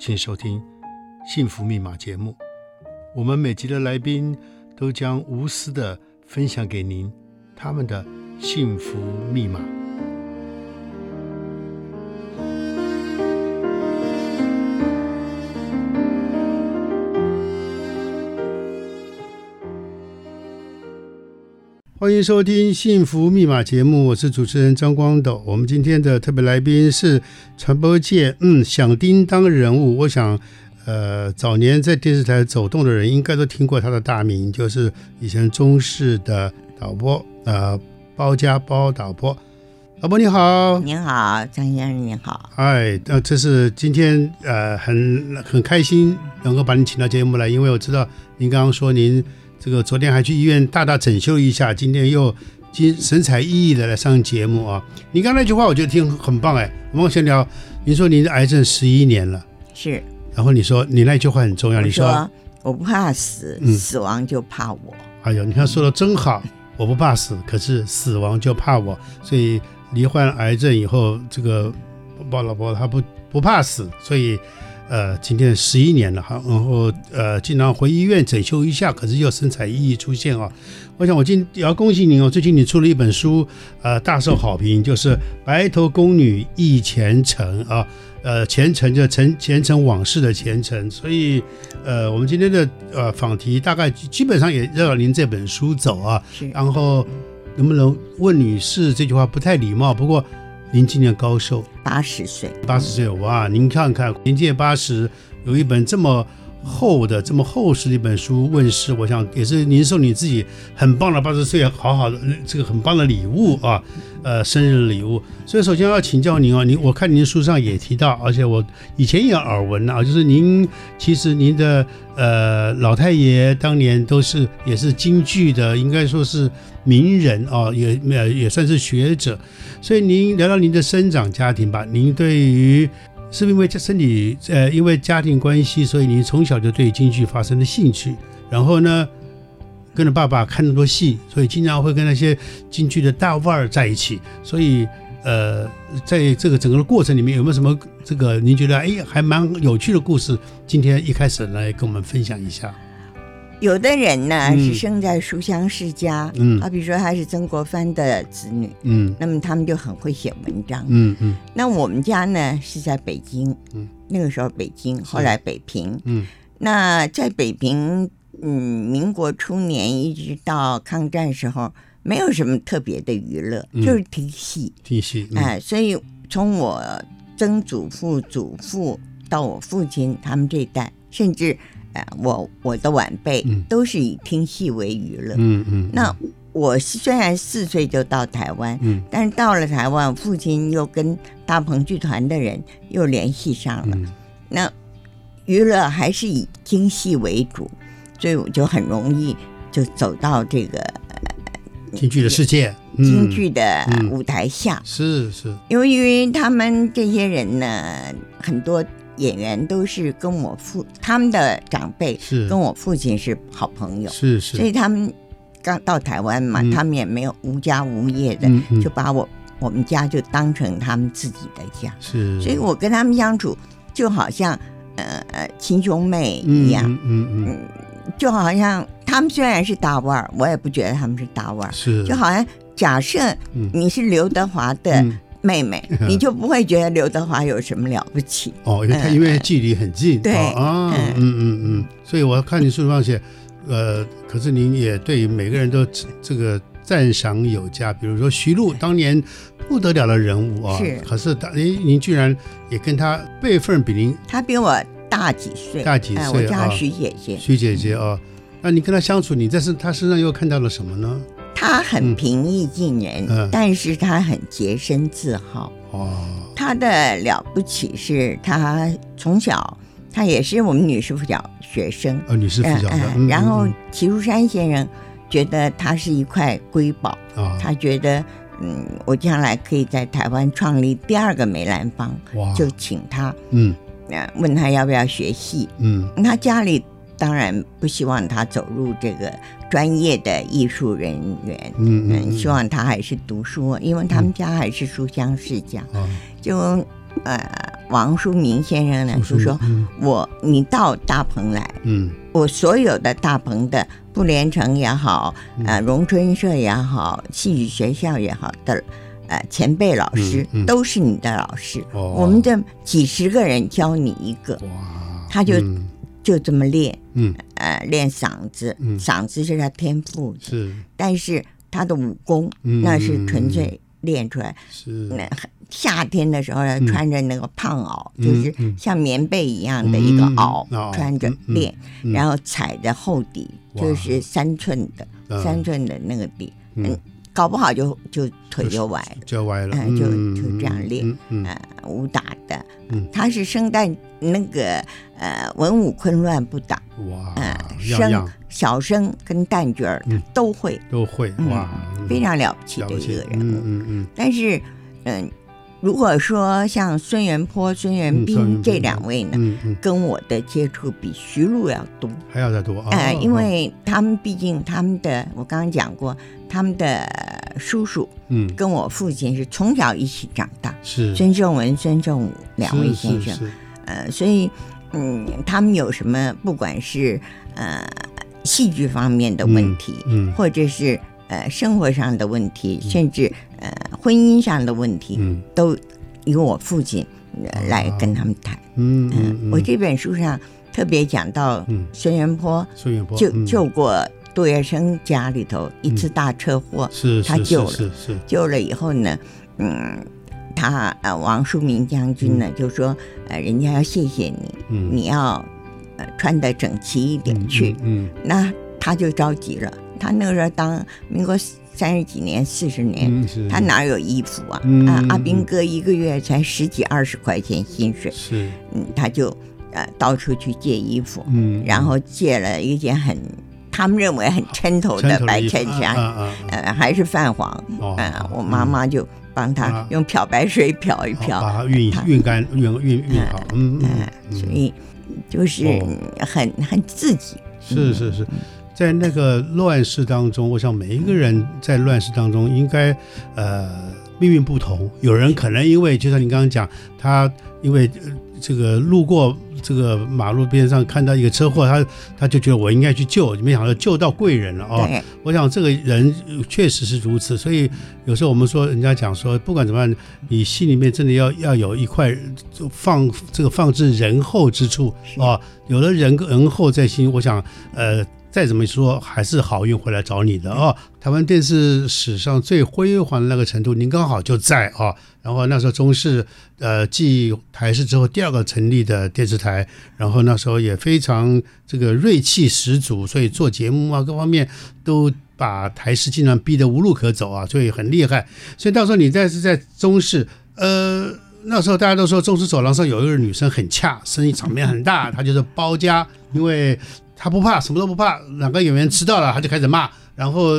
請收聽《幸福密碼》節目，我們每集的來賓都將無私的分享給您他們的幸福密碼。歡迎收聽《幸福密碼》節目，我是主持人張光斗。我們今天的特別來賓是傳播界嗯，響叮當人物，我想，呃，早年在電視台走動的人應該都聽過他的大名，就是以前中視的導播呃包珈、包導播，導播你好，您好，張先生您好，哎，那、呃、這是今天呃很很開心能夠把您請到節目來，因為我知道您剛剛說您。這個昨天還去醫院大大整修一下，今天又精神采奕奕的來上節目啊！你剛才那句話，我覺得聽很棒哎。我們先聊，你說你的癌症十一年了，是。然後你說你那句話很重要，說你說我不怕死，嗯，死亡就怕我。哎呦，你看說的真好，我不怕死，可是死亡就怕我。所以罹患癌症以後，這個包老婆她不不怕死，所以。呃，今天十一年了哈，然後呃，經常回醫院整修一下，可是又神采奕奕出現啊。我想我今也要恭喜您哦，最近你出了一本書，呃，大受好評，就是《白頭宮女憶前塵》啊，呃，前塵就前前塵往事的前塵。所以，呃，我們今天的呃訪題大概基本上也繞到您這本書走啊。然後，能不能問女士這句話不太禮貌，不過。您今年高壽？八十歲。八十歲，哇！您看看，年屆八十，有一本這麼。厚的，這麼厚實的一本書問世，我想也是您送你自己很棒的八十歲好好的這個很棒的禮物啊，呃，生日禮物。所以首先要請教您哦，您我看您書上也提到，而且我以前也耳聞啊，就是您其實您的呃老太爺當年都是也是京劇的，應該說是名人哦、啊，也也算是學者。所以您聊聊您的生長家庭吧，您對於。是因為這是你，呃，因為家庭關係，所以你從小就對京劇發生了興趣。然後呢，跟着爸爸看那麼多戲，所以經常會跟那些京劇的大腕兒在一起。所以，呃，在這個整個的過程裡面，有沒有什麼這個您覺得哎還蠻有趣的故事？今天一開始來跟我們分享一下。有的人呢是生在書香世家，好、嗯、比如說他是曾國藩的子女，嗯、那麼他們就很會寫文章。嗯嗯。嗯，那我們家呢是在北京，嗯、那個時候北京，後來北平。嗯。嗯，那在北平，嗯，民國初年一直到抗戰時候，沒有什麼特別的娛樂，就是聽戲。聽戲、嗯。哎、嗯啊，所以從我曾祖父、祖父到我父親他們這一代，甚至。我我的晚輩都是以聽戲為娛樂。嗯嗯。嗯嗯那我雖然四歲就到台灣，嗯、但是到了台灣，父親又跟大鵬劇團的人又聯繫上了。嗯、那娛樂還是以聽戲為主，所以我就很容易就走到這個京劇的世界，嗯、京劇的舞台下。是、嗯、是，是由於他們這些人呢，很多。演員都是跟我父他們的長輩是跟我父親是好朋友。是是，是是，所以他們剛到台灣嘛，嗯、他們也沒有無家無業的，嗯嗯、就把我我們家就當成他們自己的家是，所以我跟他們相處就好像呃呃親兄妹一樣，嗯嗯，嗯，嗯，就好像他們雖然是大腕兒，我也不覺得他們是大腕兒，是就好像假設你是劉德華的。嗯嗯妹妹，你就不會覺得劉德華有什麼了不起？嗯、哦，因為他因為距離很近，嗯哦、對啊、哦，嗯嗯嗯，所以我要看你書上寫，呃，可是您也對每個人都這個讚賞有加，比如說徐露當年不得了的人物啊、哦，是，可是他誒您居然也跟他輩分比您，他比我大幾歲，大幾歲，我叫徐姐姐，哦、徐姐姐啊、哦，那你跟他相處，你在身他身上又看到了什麼呢？他很平易近人，嗯嗯，但是他很潔身自好。哦哇，他的了不起是他從小，他也是我們女師傅角學生。哦，啊，女師傅學、呃嗯，然後齊如山先生覺得他是一塊瑰寶，嗯，他覺得，嗯，我將來可以在台灣創立第二個梅蘭芳，哇就請他，嗯，那問他要不要學戲，嗯，他家裡當然不希望他走入這個。專業的藝術人員，嗯，希望他還是讀書，嗯、因為他們家還是書香世家。嗯、就呃，王叔銘先生呢，就說我，你到大鵬來，嗯，我所有的大鵬的富連成也好，呃，榮春社也好，戲曲學校也好的，呃，前輩老師、嗯嗯、都是你的老師。哦、我們這幾十個人教你一個，哇他就。嗯就這麼練，嗯，呃，練嗓子，嗓子是他天賦，是，但是他的武功那是純粹練出來。是，那夏天的時候，要穿着那個胖襖，就是像棉被一樣的一個襖，穿着練，然後踩着厚底，就是三寸的，三寸的那個底，嗯。搞不好就就腿就崴，就崴了，嗯，就就這樣練，嗯，武打的，嗯，他是生旦那個呃文武昆亂不擋，哇，嗯，生小生跟旦角兒都會，都會哇，非常了不起的一個人物，嗯嗯，但是，嗯。如果說像孫元坡、孫元彬這兩位呢，嗯嗯嗯、跟我的接觸比徐露要多，還要再多啊！呃哦、因為他們畢竟他們的，我剛剛講過，他們的叔叔，嗯，跟我父親是從小一起長大，是、嗯、孫正文、孫正武兩位先生，呃，所以，嗯，他們有什麼，不管是呃戲劇方面的問題，嗯，嗯或者是呃生活上的問題，嗯、甚至。婚姻上的問題，都由我父親來跟他們談。嗯嗯，我這本書上特別講到，嗯，孫元坡，就救過杜月笙家裡頭一次大車禍，是，他救了，是，救了以後呢，嗯，他呃，王叔銘將軍呢就說，呃，人家要謝謝你，你要穿得整齊一點去，嗯，那他就着急了，他那個時候當民國。三十幾年、四十年，他哪有衣服啊？阿兵哥一個月才十幾、二十塊錢薪水，是，他就呃到處去借衣服，嗯，然後借了一件很，他們認為很襯頭的白襯衫，呃，還是泛黃，我媽媽就幫他用漂白水漂一漂，把它熨熨乾、熨熨熨好，嗯嗯，所以就是很很自己，是是是。在那個亂世當中，我想每一個人在亂世當中應該，呃，命運不同。有人可能因為，就像你剛剛講，他因為這個路過這個馬路邊上看到一個車禍，他他就覺得我應該去救，沒想到救到貴人了啊、哦。我想這個人確實是如此，所以有時候我們說，人家講說，不管怎麼樣，你心裡面真的要要有一塊就放這個放置仁厚之處啊、哦。有了仁仁厚在心，我想，呃。再怎麼說，還是好運回來找你的啊、哦！台灣電視史上最輝煌的那個程度，您剛好就在啊、哦。然後那時候中視，呃，繼台視之後第二個成立的電視台，然後那時候也非常這個銳氣十足，所以做節目啊，各方面都把台視竟然逼得無路可走啊，所以很厲害。所以到時候你再是在中視，呃，那時候大家都說中視走廊上有一個女生很恰，生意場面很大，她就是包珈，因為。他不怕，什麼都不怕。兩個演員遲到了，他就開始罵，然後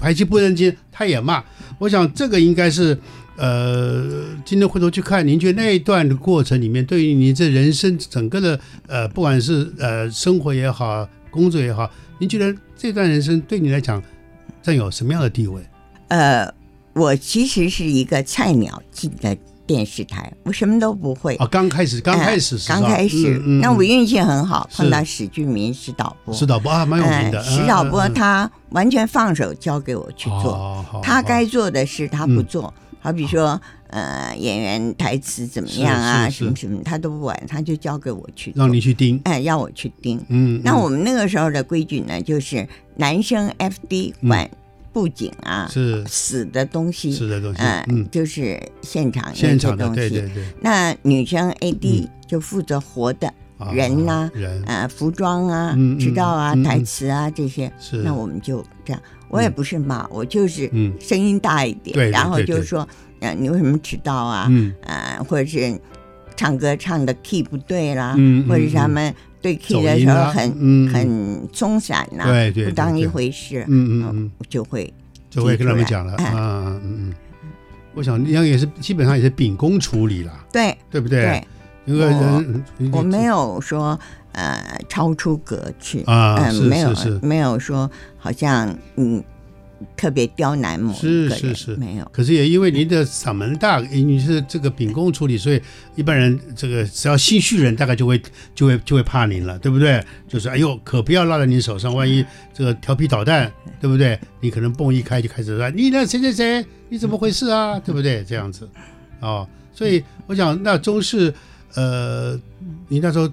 排機不認真，他也罵。我想這個應該是，呃，今天回頭去看，您覺得那一段的過程裡面，對於你這人生整個的，呃，不管是呃生活也好，工作也好，您覺得這段人生對你來講占有什麼樣的地位？呃，我其實是一個菜鳥進的。這個電視台，我什麼都不會。啊，剛開始，剛開始剛開始，那我運氣很好，碰到史俊明史導播，史導播還蠻有名的。史導播他完全放手交給我去做，他該做的事他不做。好比說，呃，演員台詞怎麼樣啊，什麼什麼他都不管，他就交給我去。讓你去盯，哎，要我去盯。嗯，那我們那個時候的規矩呢，就是男生 F D 換。布景啊，是死的東西，是的東西，嗯，就是現場現場的東西。那女生 A D 就負責活的人吶，人啊，服裝啊，遲到啊，台詞啊、這些。那我們就這樣，我也不是罵，我就是聲音大一點，然後就說，呃，你為什麼遲到啊？嗯，或者是唱歌唱的 key 不對啦，或者什麼。對 K 的時候很、啊嗯、很鬆散吶、啊，對，不當一回事，嗯嗯嗯，嗯就會就會跟他們講了，嗯、啊、嗯嗯，我想這樣也是基本上也是秉公處理了，對，對不對、啊？對，因為人我，我沒有說呃超出格去啊，沒有沒有說好像嗯。特別刁難某人是,是,是，是，是。沒有。可是也因為您的嗓門大，嗯、你是這個秉公處理，所以一般人這個只要心虛人，大概就會就會就會怕您了，對不對？就是哎呦，可不要落在您手上，萬一這個調皮搗蛋，嗯、對不對？你可能泵一開就開始說、嗯、你那誰誰誰，你怎麼回事啊，嗯嗯、對不對？這樣子，哦，所以我想那中式，呃，你那時候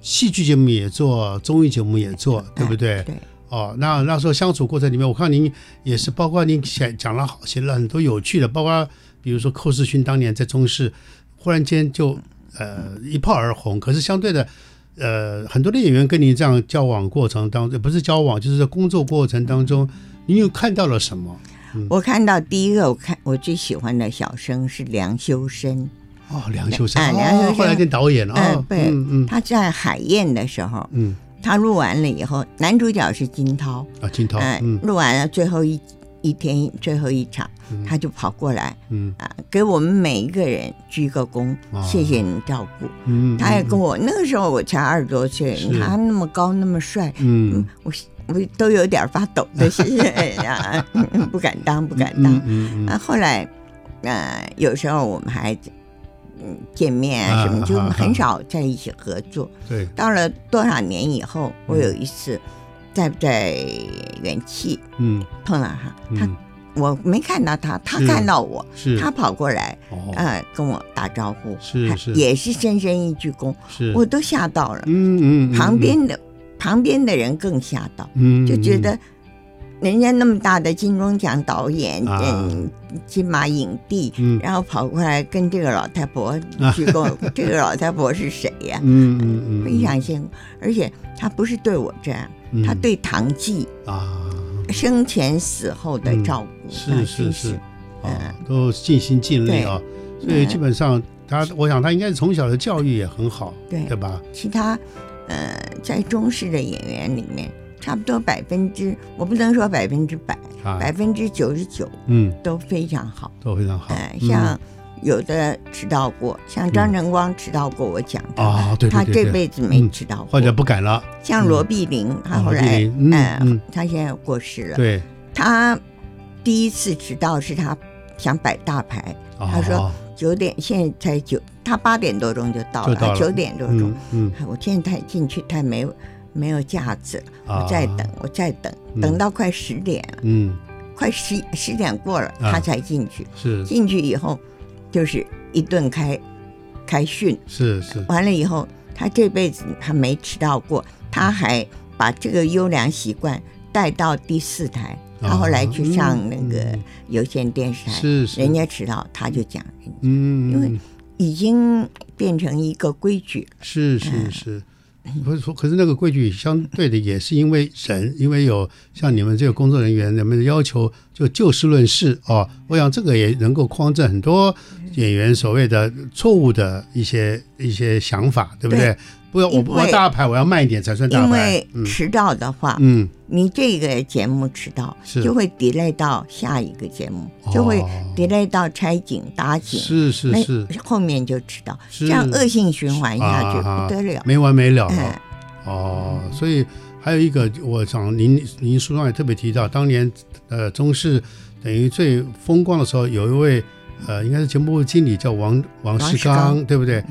戲劇節目也做，綜藝節目也做，嗯、對不對？嗯嗯、對。哦，那那時候相處過程裡面，我看您也是，包括您寫講了好，寫了很多有趣的，包括比如說寇世勳當年在中視，忽然間就呃一炮而紅，嗯、可是相對的，呃，很多的演員跟你這樣交往過程當中，不是交往，就是在工作過程當中，嗯、你又看到了什麼？嗯、我看到第一個，我看我最喜歡的小生是梁修身。哦，梁修身啊、呃，梁修身、哦、後來變導演了啊，對，嗯嗯，他在海燕的時候，嗯。他錄完了以後，男主角是金濤啊，金濤，錄、嗯啊、完了最後一一天最後一場，他就跑過來，嗯啊，給我們每一個人鞠個躬，啊、謝謝你照顧，嗯，嗯，嗯，他也跟我那個時候我才二十多歲，是他那麼高那麼帥，嗯，我我都有點發抖的，謝謝啊，不敢當不敢當，嗯後來，呃、啊，有時候我們還。見面啊，什麼就很少在一起合作。對，到了多少年以後，我有一次在不在元氣，嗯，碰到他，他我沒看到他，他看到我，他跑過來，啊，跟我打招呼，是，也是深深一鞠躬，我都嚇到了，嗯嗯，旁邊的旁邊的人更嚇到，嗯，就覺得。人家那麼大的金鐘獎導演、金馬影帝，然後跑過來跟這個老太婆鞠躬。這個老太婆是誰呀？嗯嗯嗯，非常辛苦，而且他不是對我這樣，他對唐季啊生前死後的照顧，是是是，嗯，都盡心盡力啊。所以基本上他，我想他應該是從小的教育也很好，對，對吧？其他呃，在中視的演員裡面。差不多百分之，我不能說百分之百，百分之九十九，嗯，都非常好，都非常好。像有的遲到過，像張晨光遲到過，我講啊，對，他這輩子沒遲到過。或者不敢了。像羅碧玲，他後來，嗯，他現在過世了。對。他第一次遲到是他想擺大牌，他說九點現在才九，他八點多鐘就到了，九點多鐘。嗯。我見他進去，太沒。沒有架子，我再等，我再等，等到快十點，嗯，快十十點過了，他才進去。是。進去以後，就是一頓開開訓。是是。完了以後，他這輩子他沒遲到過，他還把這個優良習慣帶到第四台。他後來去上那個有線電視台，是是。人家遲到，他就講人家，嗯，因為已經變成一個規矩。是是是。不是說，可是那個規矩相對的也是因為人，因為有像你們這個工作人員，你們的要求就就事論事啊、哦。我想這個也能夠匡正很多演員所謂的錯誤的一些一些想法，對不對？不，我不要大牌，我要慢一點才算大牌。因為遲到的話，嗯，你這個節目遲到，就會 delay 到下一個節目，就會 delay 到拆景搭景，是是是，後面就遲到，這樣惡性循環下去不得了，沒完沒了。哦，所以還有一個，我想您您書上也特別提到，當年呃，中視等於最風光的時候，有一位呃，應該是節目經理叫王王世剛，對不對？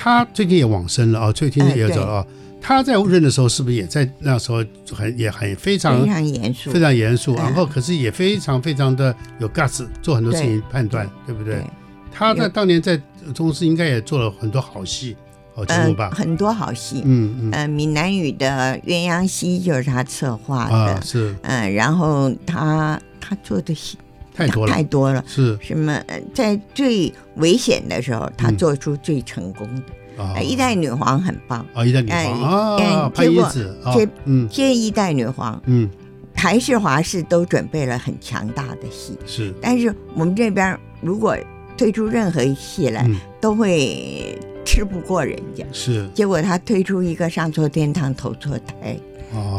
他最近也往生了啊，崔天也走了啊。嗯、他在任的時候是不是也在那時候很也很非常非常嚴肅，非常嚴肅，嗯、然後可是也非常非常的有 guts 做很多事情判斷，對，對不對？對對，他在當年在中視應該也做了很多好戲，哦有，節目吧、呃，很多好戲，嗯嗯，嗯呃，閩南語的《鴛鴦戲》就是他策劃的，啊、是，嗯、呃，然後他他做的戲。太多了，太多了。是，什麼？在最危險的時候，他做出最成功的。一代女皇很棒啊！一代女皇啊，結果這，這一代女皇，嗯，台視、華視都準備了很強大的戲，是。但是我們這邊如果推出任何一戲來，都會吃不過人家。是。結果他推出一個上錯天堂投錯胎。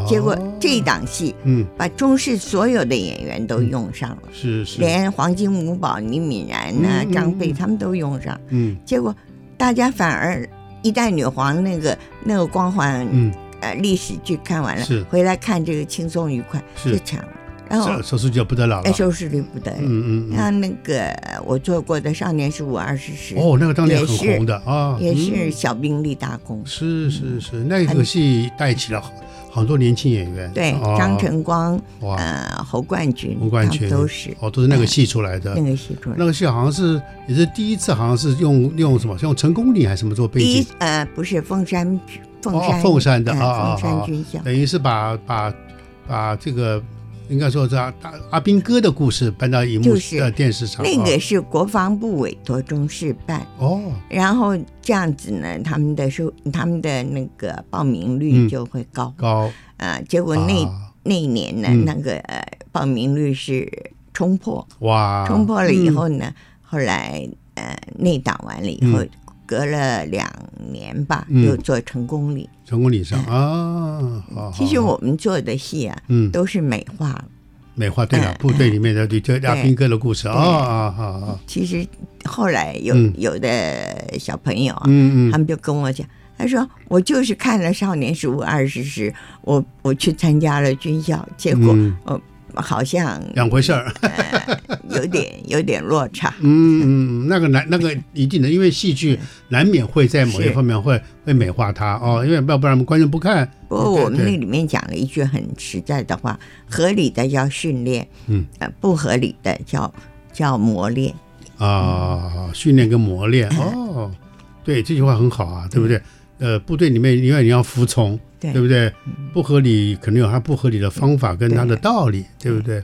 結果這一檔戲，嗯，把中視所有的演員都用上了，是是，嗯，連黃金五寶倪敏然吶，啊，張貝他們都用上，嗯，嗯，結果大家反而一代女皇那個那個光環，嗯，呃，歷史劇看完了，是，嗯，回來看這個輕鬆愉快，是這樣了。收收視率不得了，哎，收視率不得，嗯嗯。然後那個我做過的《少年十五二十時》。哦，那個當年很紅的啊，也是小兵立大功，是是是，那個戲帶起了好多年輕演員，對，張晨光，呃，侯冠群，侯冠群都是，哦，都是那個戲出來的，那個戲出來，那個戲好像是也是第一次，好像是用用什麼，像用成功嶺還是什麼做背景？第一呃，不是，鳳山，鳳山，鳳山的啊，鳳山軍校，等於是把把把這個。應該說，是阿阿兵哥的故事搬到熒幕呃電視上，就是。那個是國防部委託中視辦哦，然後這樣子呢，他們的收他們的那個報名率就會高，嗯、高啊、呃。結果那、啊、那年呢，嗯、那個報名率是衝破哇，衝破了以後呢，嗯、後來呃內檔完了以後，嗯、隔了兩年吧，嗯、又做成功了。成功禮上啊，啊好好好，其實我們做的戲啊，嗯，都是美化，美化對了，嗯、部隊裡面的這阿兵哥的故事啊，啊，好，其實後來有、嗯、有的小朋友啊，嗯，他們就跟我講，他說，我就是看了《少年十五二十時》我，我我去參加了軍校，結果我。嗯好像兩回事兒， 呃、有點有點落差。嗯那個難，那個一定的，因為戲劇難免會在某一方面會是會美化它哦，因為不要不然觀眾不看。不過 Okay, 我們那裡面講了一句很實在的話，嗯、合理的叫訓練，嗯、呃，不合理的叫叫磨練。啊、哦，嗯、訓練跟磨練哦，對， 這句話很好啊，對不對？呃，部隊裡面因為你要服從，對不對？對嗯、不合理，肯定有他不合理的方法跟他的道理，對,對不對？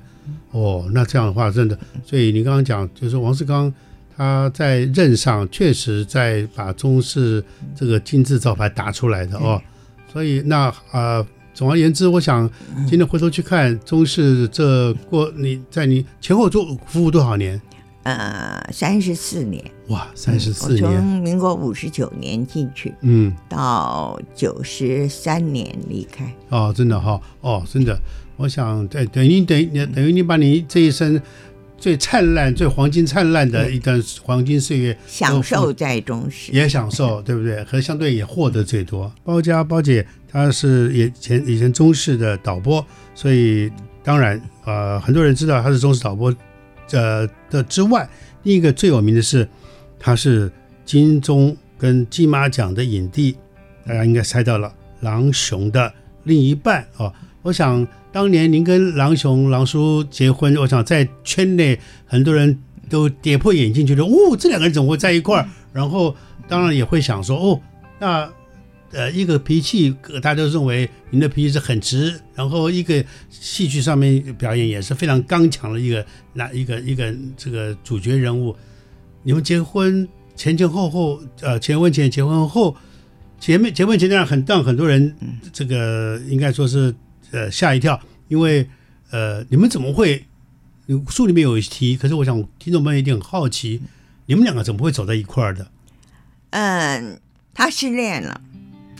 哦，那這樣的話，真的。所以你剛剛講，就是王世綱他在任上，確實在把中視這個金字招牌打出來的哦。對所以那啊、呃，總而言之，我想今天回頭去看中視這過，你、嗯、在你前後做服務多少年？呃，三十四年。哇，三十四年！我從、嗯、民國五十九年進去，嗯，到九十三年離開。哦，真的哈、哦，哦，真的。我想，對，等於等於等於，你把你這一生最燦爛、嗯、最黃金燦爛的一段黃金歲月對、嗯、享受在中視、嗯、也享受，對不對？和相對也獲得最多。 包珈包姐，她是以前以前中視的導播，所以當然，呃，很多人知道她是中視導播。這、呃、的之外，另一個最有名的是，他是金鐘跟金馬獎的影帝，大家應該猜到了，郎雄的另一半哦。我想當年您跟郎雄郎叔結婚，我想在圈內很多人都跌破眼鏡，覺得，哦，這兩個人怎麼會在一塊兒？然後當然也會想說，哦，那。呃，一個脾氣，大家都認為您的脾氣是很直，然後一個戲劇上面表演也是非常剛強的一個男，一個一個這個主角人物。你們結婚前前後後，呃，結婚前，結婚後，前面結婚前，前，前那樣很讓很多人這個應該說是呃嚇一跳，因為呃你們怎麼會？書裡面有提，可是我想聽眾們一定很好奇，你們兩個怎麼會走在一塊兒的？嗯、呃，他失戀了。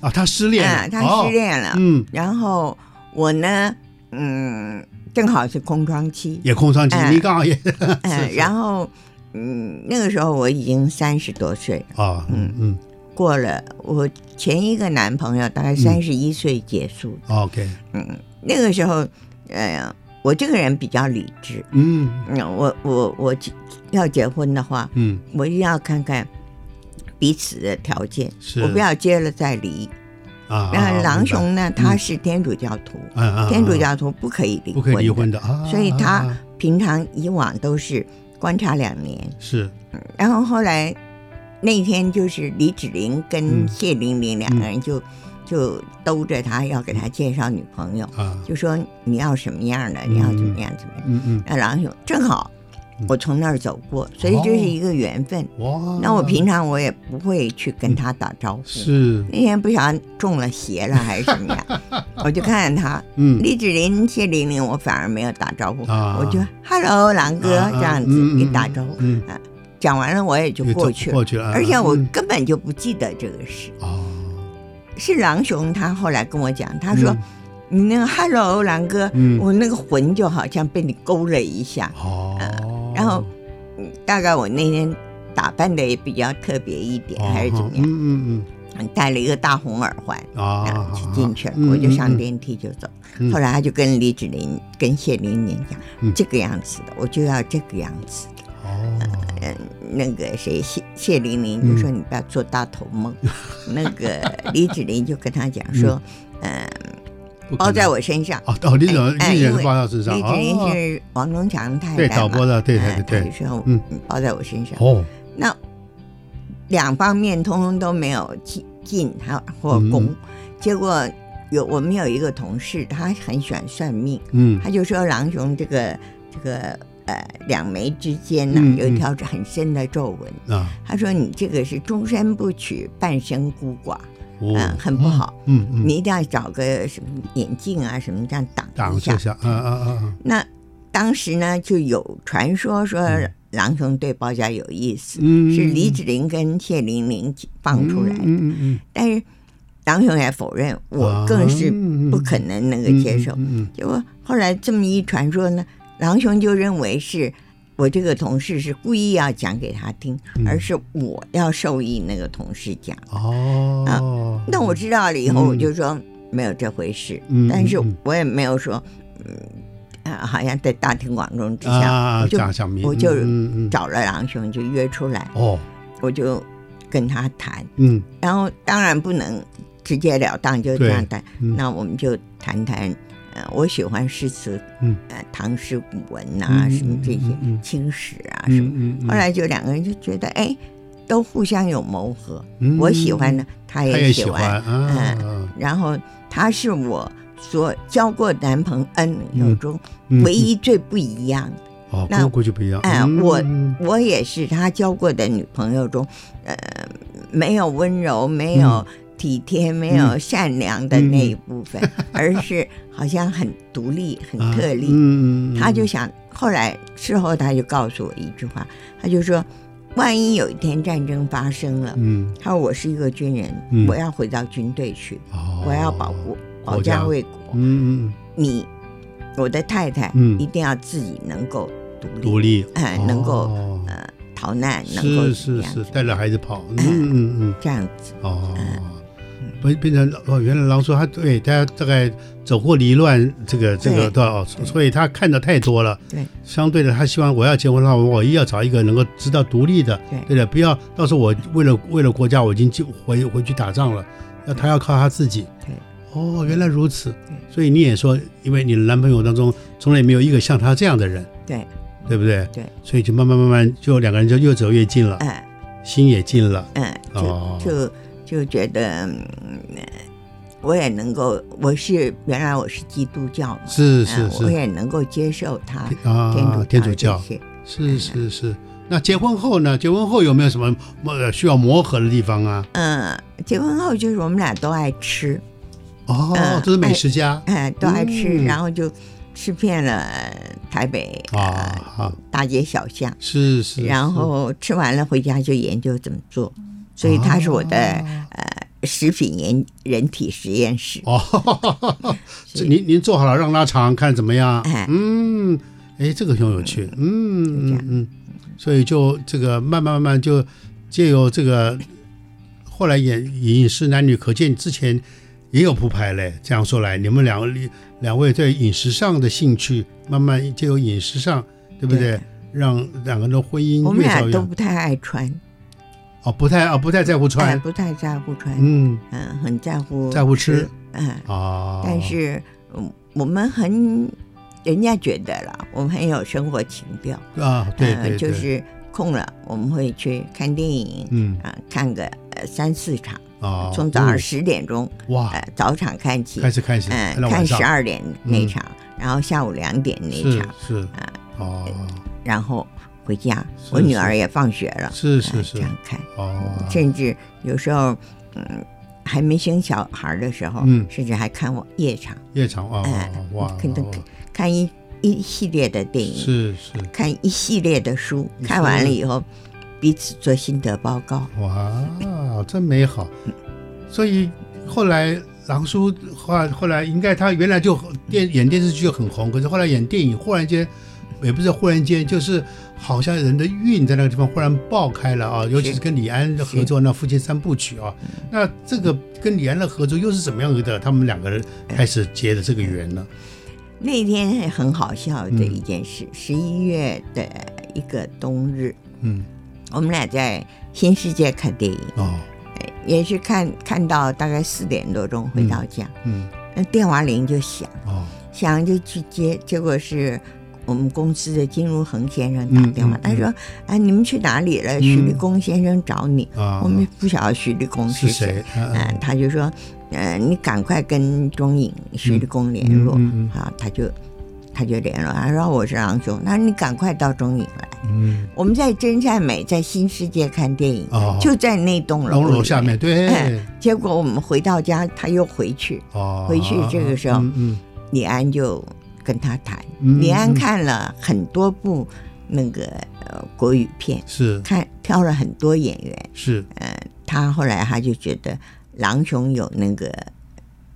啊，他失戀了，他失戀了，嗯，然後我呢，嗯，正好是空窗期，也空窗期，你剛好也是，嗯，然後，嗯，那個時候我已經三十多歲了，啊，嗯嗯，過了我前一個男朋友大概三十一歲結束，OK，嗯，那個時候，哎呀，我這個人比較理智，嗯，我我我要結婚的話，嗯，我一定要看看。彼此的條件，我不要結了再離。啊，然後郎雄呢？他是天主教徒，天主教徒不可以離婚的，所以他平常以往都是觀察兩年。是，然後後來那天就是李芷玲跟謝玲玲兩個人就就兜着他要給他介紹女朋友，就說你要什麼樣的，你要怎麼樣怎麼樣？嗯嗯，那郎雄正好。我從那兒走過，所以這是一個緣分。那我平常我也不會去跟他打招呼。是那天不小心中了邪了還是什麼呀？我就看見他，嗯，李志林、謝玲玲，我反而沒有打招呼，我就 “hello，郎哥”這樣子給打招呼嗯。講完了我也就過去了，過去了。而且我根本就不記得這個事。哦。是郎雄，他後來跟我講，他說：“你那個 ‘hello，郎哥’，我那個魂就好像被你勾了一下。”哦。然後，大概我那天打扮的也比較特別一點，還是怎麼樣？嗯嗯嗯，戴了一個大紅耳環啊，然後就進去了，我就上電梯就走。後來他就跟李芷林、跟謝玲玲講這個樣子的，我就要這個樣子的。哦，嗯，那個誰，謝謝玲玲就說，你不要做大頭夢。那個李芷林就跟他講說，嗯。包在我身上。哦哦、哎，李、哎、總，李總是掛到是王東強太太嘛？對，導播的，對對對。嗯，包在我身上。哦、那兩方面通通都沒有進進，還或攻。嗯、結果有我們有一個同事，他很喜歡算命。嗯、他就說郎雄這個這個呃兩眉之間呢、啊嗯嗯、有一條很深的皺紋、啊、他說你這個是終身不娶，半生孤寡。嗯，很不好。嗯嗯，你一定要找個什麼眼鏡啊，嗯、什麼這樣擋一下。擋一下嗯，那當時呢，就有傳說說郎雄對包珈有意思，嗯，是李子玲跟謝玲玲放出來的。嗯，但是郎雄也否認，我更是不可能那個接受。嗯，結果後來這麼一傳說呢，郎雄就認為是。我這個同事是故意要講給他聽，而是我要授意那個同事講、嗯、哦啊。那我知道了以後，我就說沒有這回事，嗯嗯嗯、但是我也沒有說，嗯，啊、好像在大庭廣眾之下，啊、我就我就找了郎雄，就約出來哦，嗯嗯、我就跟他談嗯，哦、然後當然不能直截了當就這樣談，嗯、那我們就談談。我喜歡詩詞，呃，唐詩古文啊，什麼這些，清史啊什麼。後來就兩個人就覺得，哎，都互相有磨合。我喜歡呢，他也喜歡。嗯，然後他是我所交過男朋友中唯一最不一樣的。哦，那過去不一樣。哎，我我也是他交過的女朋友中，呃，沒有溫柔，沒有。體貼沒有善良的那一部分，而是好像很獨立、很特立。他就想，後來事後他就告訴我一句話，他就說：“萬一有一天戰爭發生了，嗯，他說我是一個軍人，我要回到軍隊去，我要保國、保家衛國。嗯你，我的太太，一定要自己能夠獨立，獨立，哎，能夠呃逃難，能夠是是是帶着孩子跑，嗯嗯嗯，這樣子，哦。”變成哦，原來郎說他對，大家大概走過離亂，這個這個對，所以他看的太多了，對，相對的他希望我要結婚的話，我我一定要找一個能夠知道獨立的，對，對，不要到時候我為了為了國家我已經就回回去打仗了，那他要靠他自己，對，哦，原來如此，所以你也說，因為你男朋友當中從來沒有一個像他這樣的人，對，對不對？對，所以就慢慢慢慢就兩個人就越走越近了，哎，心也近了，哎，就就。就覺得、嗯、我也能夠，我是原來我是基督教嘛，是是是，呃、我也能夠接受他天、啊、天主天主教，是是是。嗯、那結婚後呢？結婚後有沒有什麼磨需要磨合的地方啊？嗯，結婚後就是我們倆都愛吃，哦，呃、這是美食家，哎、呃呃，都愛吃，嗯、然後就吃遍了台北啊，呃哦、好大街小巷，是是、是是，然後吃完了回家就研究怎麼做。所以他是我的呃食品人人體實驗室、啊、哦，哈哈，這您您做好了讓他嘗看怎麼樣？哎，嗯，哎，這個很有趣，嗯嗯嗯，所以就這個慢慢慢慢就藉由這個，後來演飲食男女可見之前也有鋪排嘞。這樣說來，你們兩個兩位對飲食上的興趣慢慢藉由飲食上對不對？對，讓兩個人的婚姻越來越，我們倆都不太愛穿。哦，不太不太在乎穿，不太在乎穿，嗯嗯，很在乎在乎吃，嗯啊，但是我們很，人家覺得了，我們很有生活情調啊，對，就是空了我們會去看電影，嗯啊，看個三四場，從早上十點鐘哇，早場看起，開始看起。嗯，看十二點那場，然後下午兩點那場，是是啊，哦，然後。回家，我女兒也放學了，是，是是是，啊、這樣看，哦，甚至有時候，嗯，還沒生小孩的時候，嗯，甚至還看我夜場，夜場哦哦哦哇、哦嗯，看一一系列的電影，是是，看一系列的書，是是看完了以後彼此做心得報告，哇，真美好。所以後來，郎叔後來後來應該他原來就電演電視劇就很紅，可是後來演電影，忽然間。也不是忽然間，就是好像人的運在那個地方忽然爆開了啊！尤其是跟李安的合作，那《父親三部曲》啊，那這個跟李安的合作又是怎麼樣的？他們兩個人開始結的這個緣呢？那天很好笑的一件事，十一、嗯、月的一個冬日，嗯，我們倆在新世界看電影哦，也是看看到大概四點多鐘回到家，嗯，那、嗯、電話鈴就響，哦，響就去接，結果是。我們公司的金如恆先生打電話，嗯嗯、他說：“哎，你們去哪裡了？徐立功先生找你。嗯”嗯、我們不曉得徐立功是誰、嗯嗯，他就說：“呃、你趕快跟中影徐立功聯絡。嗯嗯嗯好”他就他就聯絡，他說：“我是郎雄。”他說：“你趕快到中影來。嗯”我們在真善美，在新世界看電影，哦、就在那棟樓樓下面。對、嗯，結果我們回到家，他又回去。哦、回去這個時候，嗯嗯、李安就。跟他談，李安看了很多部那個國語片，嗯、是看挑了很多演員，是呃，他後來他就覺得郎雄有那個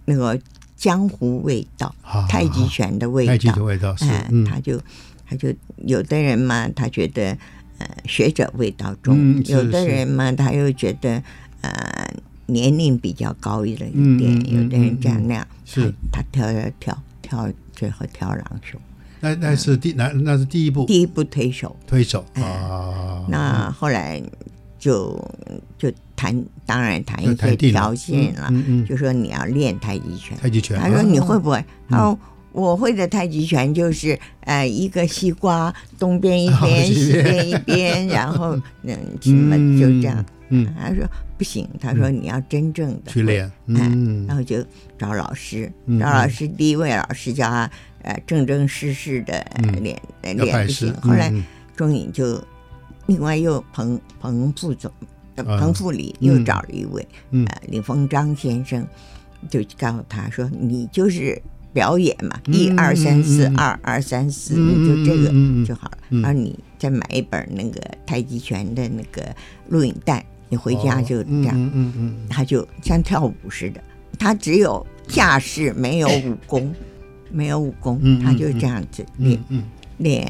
那個江湖味道，好太極拳的味道，太極的味道、呃、是、嗯他，他就他就有的人嘛，他覺得呃學者味道重，嗯、有的人嘛，是他又覺得呃年齡比較高一點，嗯、有的人這樣那樣，嗯嗯、是他他挑挑挑挑。後挑郎雄，那那是第那那是第一部，第一部推手推手啊。嗯嗯、那後來就就談，當然談一些挑了，就，嗯嗯嗯、就說你要練太極拳，太極拳，啊。他說你會不會？他說，嗯哦、我會的太極拳就是呃，一個西瓜東邊一邊，哦、謝謝西邊一邊，然後嗯什麼就這樣。嗯嗯，他說不行，他說你要真正的去練，嗯，然後就找老師，找老師，第一位老師叫他呃，正正式式的練，練不行，後來鍾穎就另外又彭彭副總彭副理又找了一位呃李鳳章先生，就告訴他說你就是表演嘛，一二三四二二三四，你就這個就好了，他說你再買一本那個太極拳的那個錄影帶。你回家就這樣，哦、嗯嗯,嗯,嗯他就像跳舞似的，他只有架勢，沒有武功，嗯、沒有武功，嗯嗯嗯、他就這樣子練，嗯嗯、練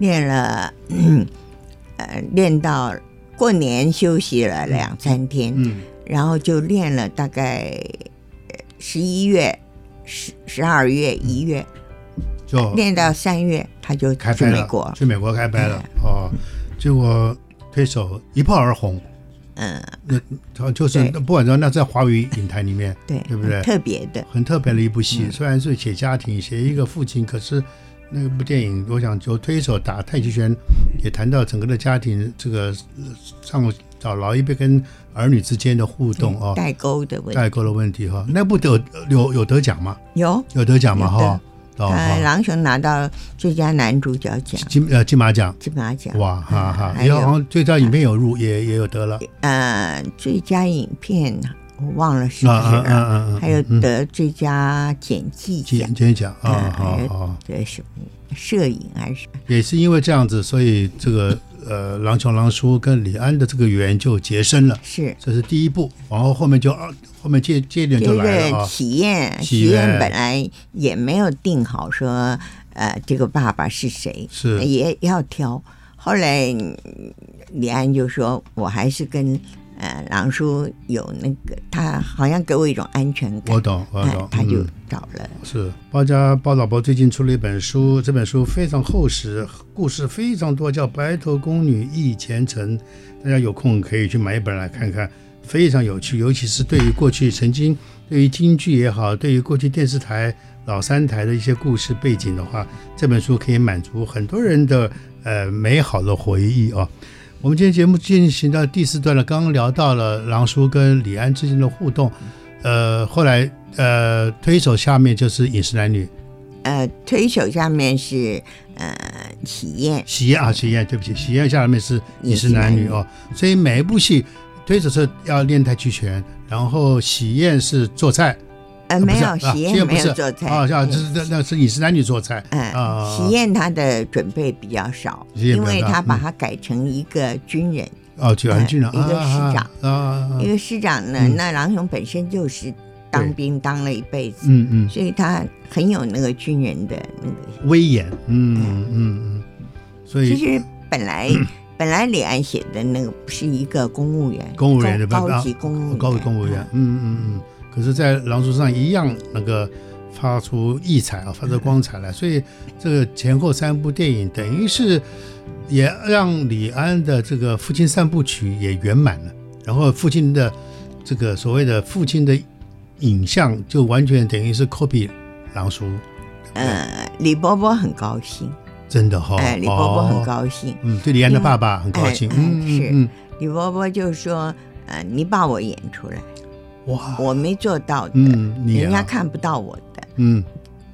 練了、嗯，呃，練到過年休息了兩三天，嗯嗯、然後就練了大概十一月、十十二月、一月，嗯、就練到三月，他就去開拍了美國，去美國開拍了，嗯、哦，結果推手一炮而紅。嗯，那他就是對不管說，那在華語影壇裡面，對對不對，嗯？特別的，很特別的一部戲，嗯、雖然是寫家庭，寫一個父親，嗯、可是那部電影，我想就推手打太極拳，也談到整個的家庭這個，上找老一輩跟兒女之間的互動、嗯、哦，代溝的代溝的問題哈、哦，那不得有有得獎嗎？有有得獎嗎？哈。呃，郎雄拿到最佳男主角獎，金呃金馬獎，金馬獎，哇哈哈！還有最佳影片有入，也也有得了。呃，最佳影片我忘了是嗯嗯嗯，還有得最佳剪輯獎，剪輯獎，還有得什麼攝影還是？也是因為這樣子，所以這個。呃，郎雄郎叔跟李安的這個緣就結深了，是，這是第一步，然後後面就二，後面接借點就來了啊，喜宴喜宴本來也沒有定好說，呃，這個爸爸是誰，是也要挑，後來李安就說，我還是跟。呃，郎叔有那個，他好像給我一種安全感。我懂，我懂，嗯、他就找了。嗯、是包家包老婆最近出了一本書，這本書非常厚實，故事非常多，叫《白頭宮女憶前塵》，大家有空可以去買一本來看看，非常有趣。尤其是對於過去曾經， 對於京劇也好，對於過去電視台老三台的一些故事背景的話，這本書可以滿足很多人的呃美好的回憶啊、哦。我們今天節目進行到第四段了，剛剛聊到了郎叔跟李安之間的互動，呃，後來呃推手下面就是飲食男女，呃，推手下面是呃喜宴，喜宴啊，喜宴，對不起，喜宴下面是飲食男女哦，所以每一部戲，推手是要練太極拳，然後喜宴是做菜。呃，沒有喜宴，沒有做菜啊，叫是那那是飲食男女做菜。嗯，喜宴他的準備比較少，因為他把他改成一個軍人哦，軍人，一個師長，一個師長呢。那郎雄本身就是當兵當了一輩子，嗯嗯，所以他很有那個軍人的那個威嚴，嗯嗯嗯。所以其實本來本來李安寫的那個是一個公務員，公務員的高級公務員高級公務員，嗯嗯嗯。可是，在郎叔上一樣那個發出異彩啊，發出光彩來。所以，這個前後三部電影等於是也讓李安的這個父親三部曲也圓滿了。然後，父親的這個所謂的父親的影像，就完全等於是 copy 郎叔。呃，李伯伯很高興，真的哈、哦。哎、呃，李伯伯很高興、哦。嗯，對李安的爸爸很高興。嗯、呃，是。李伯伯就說：“呃，你把我演出來。”哇！我沒做到的，人家看不到我的。嗯，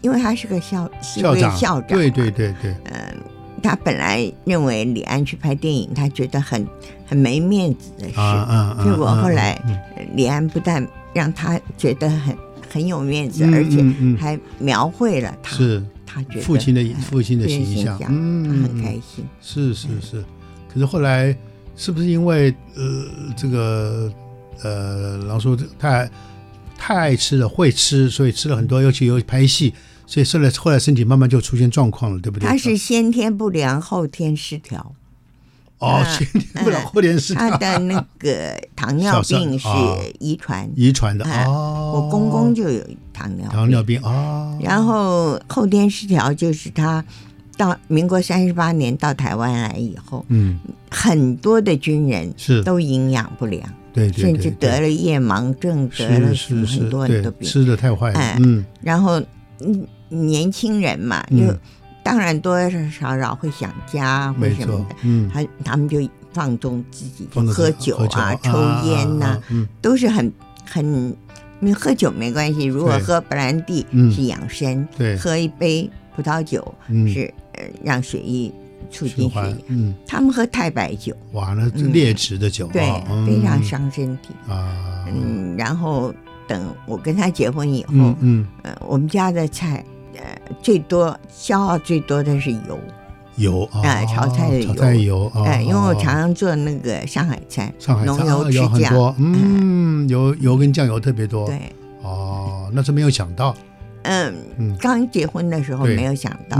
因為他是個校，是位校長。對對對對。嗯，他本來認為李安去拍電影，他覺得很很沒面子的事。結果後來，李安不但讓他覺得很很有面子，而且還描繪了他，是他覺得父親的父親的形象。嗯，他很開心。是是是，可是後來是不是因為呃這個？呃，老叔這太，太愛吃了，會吃，所以吃了很多，尤其又拍戲，所以後來後來身體慢慢就出現狀況了，對不對？他是先天不良，後天失調。哦，啊、先天不良，後天失調。啊、他的那個糖尿病是遺傳的，啊、遺傳的。哦、啊，啊、我公公就有糖尿病糖尿病啊。然後後天失調就是他到民國三十八年到台灣來以後，嗯，很多的軍人是都營養不良。對，對對對，甚至得了夜盲症，對對對得了很多很多病，吃的太壞了。嗯，然後嗯，年輕人嘛，嗯、又當然多多少少會想家會什麼的，嗯，他他們就放縱自己喝、啊，喝酒啊，抽菸吶、啊，啊啊啊嗯、都是很很。因喝酒沒關係，如果喝白蘭地是養生，對、嗯，喝一杯葡萄酒是、呃嗯、讓血液。促進血液。嗯，他們喝太白酒。哇，那是劣質的酒。對，非常傷身體。啊，嗯，然後等我跟他結婚以後，嗯，我們家的菜，呃，最多消耗最多的是油。油啊。炒菜的油。菜油啊。因為我常常做那個上海菜。上海菜。濃油赤醬。有很多。嗯，油油跟醬油特別多。對。哦，那是沒有想到。嗯，剛結婚的時候沒有想到，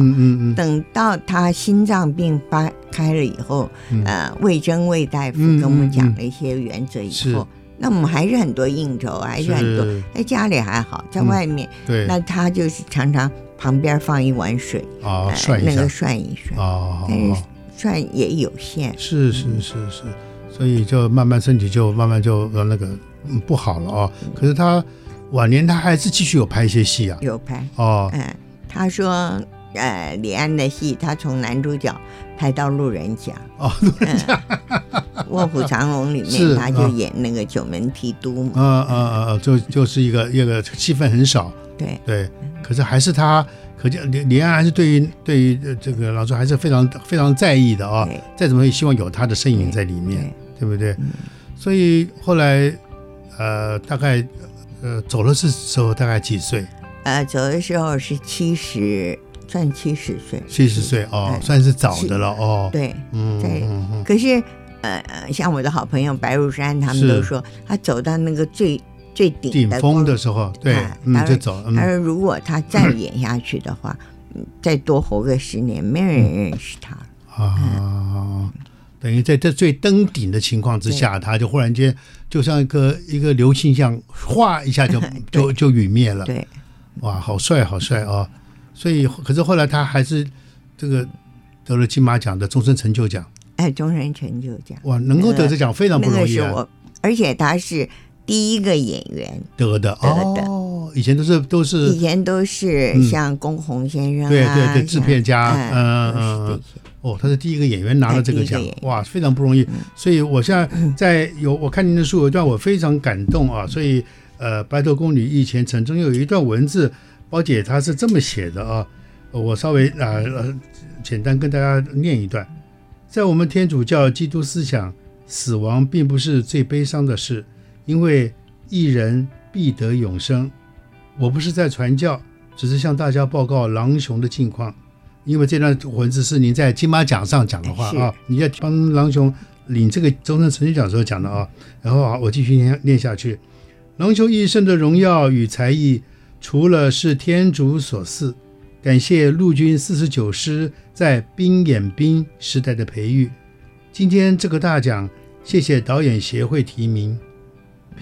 等到他心臟病發開了以後，呃，魏徵魏大夫跟我們講了一些原則以後，那我們還是很多應酬，還是很多。在家裡還好，在外面，對，那他就是常常旁邊放一碗水，啊，那個涮一涮，啊，涮也有限。是是是是，所以就慢慢身體就慢慢就那個不好了啊。可是他。晚年他還是繼續有拍一些戲啊，有拍哦，嗯，他說，呃，李安的戲他從男主角拍到路人甲，哦，路人甲，《臥虎藏龍》裡面他就演那個九門提督嘛，啊啊啊，就就是一個一個戲份很少，對對，可是還是他可見李李安還是對於對於這個老朱還是非常非常在意的啊，再怎麼也希望有他的身影在裡面，對不對？所以後來，呃，大概。呃，走的是時候大概幾歲？呃，走的時候是七十，算七十歲。七十歲哦，算是早的了哦。對，嗯，對。可是，呃像我的好朋友白如山，他們都說他走到那個最最頂頂峰的時候，對，他就走。他說，如果他再演下去的話，再多活個十年，沒有人認識他。啊。等於在這最登頂的情況之下，他就忽然間就像一個一個流星，像嘩一下就就就隕滅了。對，哇，好帥，好帥哦。所以，可是後來他還是這個得了金馬獎的終身成就獎。哎，終身成就獎。哇，能夠得這獎非常不容易啊。而且他是第一個演員得的哦。以前都是都是以前都是像龔弘先生，對對對，制片家嗯嗯。哦，他是第一個演員拿了這個獎，個哇，非常不容易。嗯、所以我現在在有我看您的書，有一段我非常感動啊。所以，呃，《白頭宮女憶前程》中有一段文字，包姐她是這麼寫的啊。我稍微啊、呃，簡單跟大家念一段：在我們天主教基督思想，死亡並不是最悲傷的事，因為一人必得永生。我不是在傳教，只是向大家報告郎雄的近況。因為這段文字是您在金馬獎上講的話啊，是你要幫郎雄領這個終身成就獎時候講的啊。然後啊，我繼續念念下去。郎雄一生的榮耀與才藝，除了是天主所賜，感謝陸軍四十九師在兵演兵時代的培育。今天這個大獎，謝謝導演協會提名，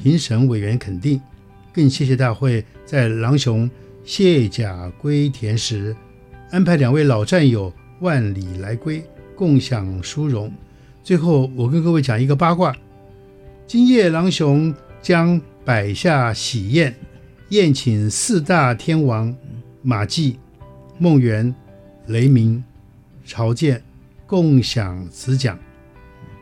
評審委員肯定，更謝謝大會在郎雄解甲歸田時。安排兩位老戰友萬里來歸，共享殊榮。最後，我跟各位講一個八卦：今夜郎雄將擺下喜宴，宴請四大天王馬季、孟元、雷鳴、曹健，共享此獎。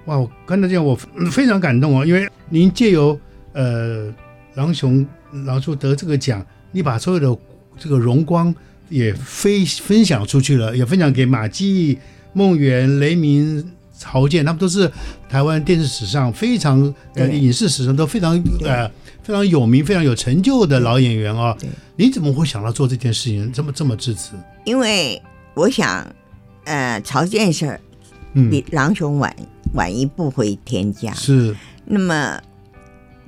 哇！我看到這樣，我非常感動哦，因為您借由呃郎雄郎叔得這個獎，你把所有的這個榮光。也分分享出去了，也分享給馬季、孟元、雷鳴、曹健，他們都是台灣電視史上非常對呃，影視史上都非常對呃，非常有名、非常有成就的老演員哦。你怎麼會想到做這件事情，這麼這麼支持？因為我想，呃，曹健是比郎雄晚晚一步回天家。是、嗯。那麼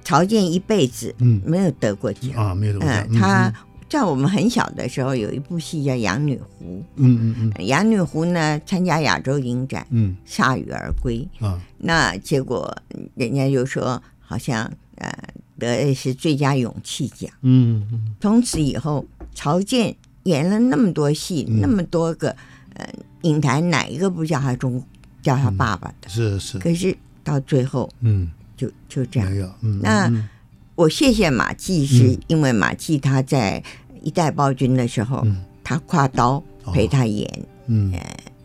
曹健一輩子嗯沒有得過獎、嗯、啊，沒有得過獎，呃嗯、他。在我們很小的時候，有一部戲叫《養女湖》。嗯嗯嗯，嗯《養、嗯、女湖》呢參加亞洲影展，鎩羽、嗯、而歸啊。那結果人家就說，好像呃得的是最佳勇氣獎。嗯嗯。從此以後，曹健演了那麼多戲，嗯、那麼多個呃影壇哪一個不叫他中叫他爸爸的？嗯、是是。可是到最後，嗯，就就這樣。嗯、那我謝謝馬季，是因為馬季他在。一代暴君的時候，他挎刀陪他演，嗯，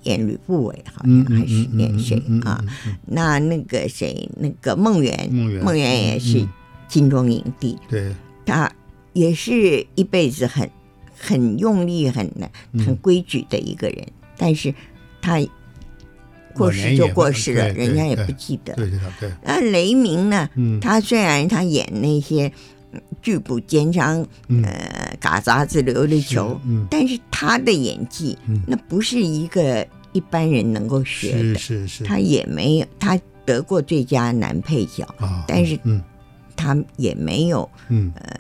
演呂不韋好像還是演誰啊？那那個誰，那個孟元，孟元也是金鐘影帝。對，他也是一輩子很很用力很的很規矩的一個人，但是他過世就過世了，人家也不記得。對對對。那雷鳴呢？嗯，他雖然他演那些。拒不奸商，嗯、呃，嘎雜子琉璃球，是嗯、但是他的演技，嗯、那不是一個一般人能夠學的，是是，是。他也沒有，他得過最佳男配角，哦、但是，他也沒有，嗯、呃，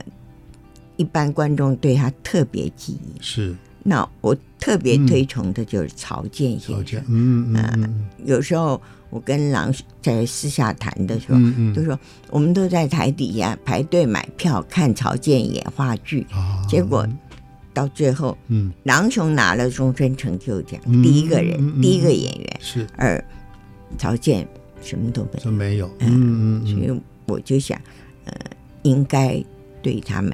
一般觀眾對他特別記憶。是。那我特別推崇的就是曹健先生。嗯嗯、呃、有時候我跟郎在私下談的時候，都、嗯嗯、說我們都在台底下排隊買票看曹健演話劇。嗯、結果到最後，嗯，郎雄拿了終身成就獎，嗯、第一個人，嗯嗯、第一個演員、嗯、是。而曹健什麼都沒有，沒有。嗯嗯嗯、呃。所以我就想，呃，應該對他們。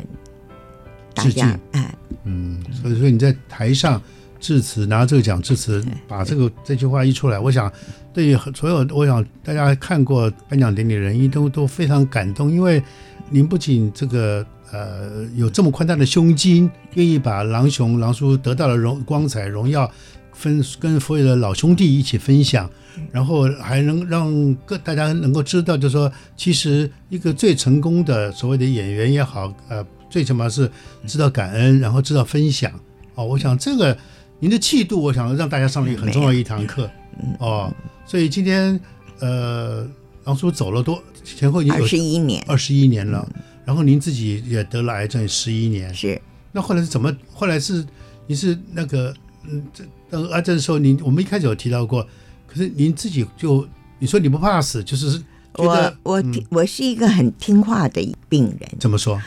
致敬，哎，嗯，所以，說你在台上致辭，拿這個獎致辭，嗯、把這個、嗯、這句話一出來，嗯、我想，對於所有我想大家看過頒獎典禮人人，都都非常感動，因為您不僅這個呃有這麼寬大的胸襟，願意把郎雄、郎叔得到了榮光彩、榮耀分跟所有的老兄弟一起分享，然後還能讓各大家能夠知道就是，就說其實一個最成功的所謂的演員也好，呃。最起碼是知道感恩，嗯、然後知道分享，嗯、哦，我想這個您的氣度，我想讓大家上了一個很重要一堂課，嗯、哦，所以今天，呃，郎叔走了多前後已經有二十一年，二十一年了，嗯、然後您自己也得了癌症十一年，是，後是那後來是怎麼？後來是你是那個，嗯，這那個癌症的時候您，您我們一開始有提到過，可是您自己就你說你不怕死，就是我我、嗯、我是一個很聽話的病人，怎麼說？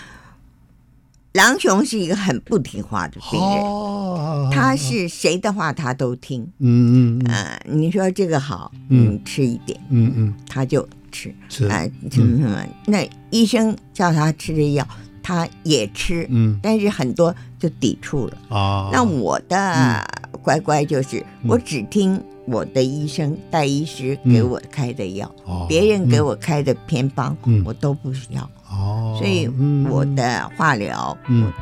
郎雄是一個很不聽話的病人，他是誰的話他都聽。嗯嗯嗯，你說這個好，嗯，吃一點，嗯嗯，他就吃。吃啊，什麼什麼？那醫生叫他吃的藥，他也吃。嗯，但是很多就抵觸了。那我的乖乖就是，我只聽我的醫生戴醫師給我開的藥，別人給我開的偏方，我都不需要。哦，嗯、所以我的化療，我、嗯、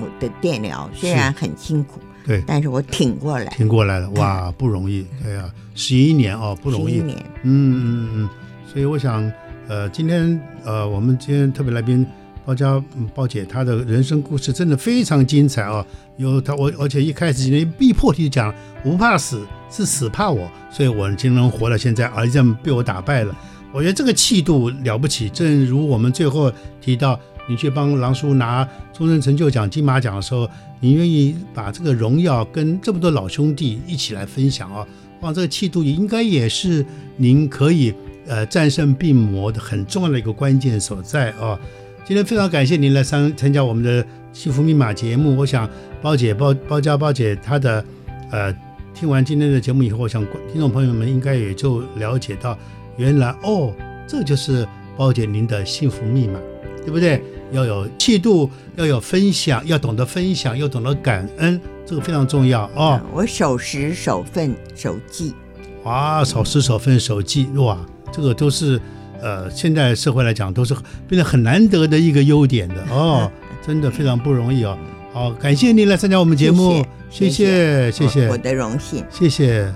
我的電療雖然很辛苦，對，但是我挺過來，挺過來了，哇，不容易，哎呀、嗯，十一、啊、年哦，不容易，11年，嗯嗯嗯，所以我想，呃，今天呃，我們今天特別來賓，包珈，包姐她的人生故事真的非常精彩啊、哦，有她我，而且一開始今天逼迫，你講不怕死是死怕我，所以我竟然活到現在，癌症被我打敗了。我覺得這個氣度了不起，正如我們最後提到，你去幫郎叔拿終身成就獎、金馬獎的時候，你願意把這個榮耀跟這麼多老兄弟一起來分享啊、哦！哇，這個氣度應該也是您可以呃戰勝病魔的很重要的一個關鍵所在啊、哦！今天非常感謝您來參參加我們的幸福密碼節目。我想包姐包包家包姐她的呃聽完今天的節目以後，我想聽眾朋友們應該也就了解到。原來哦，這就是包珈您的幸福密碼，對不對？要有氣度，要有分享，要懂得分享，要懂得感恩，這個非常重要啊。哦、我守時守分守、守分、守紀。哇，守時、守分、守紀，哇，這個都是呃，現在社會來講都是變得很難得的一個優點的哦， 真的非常不容易哦。好，感謝您來參加我們節目，謝謝，謝謝，謝、謝、哦，我的榮幸，謝謝。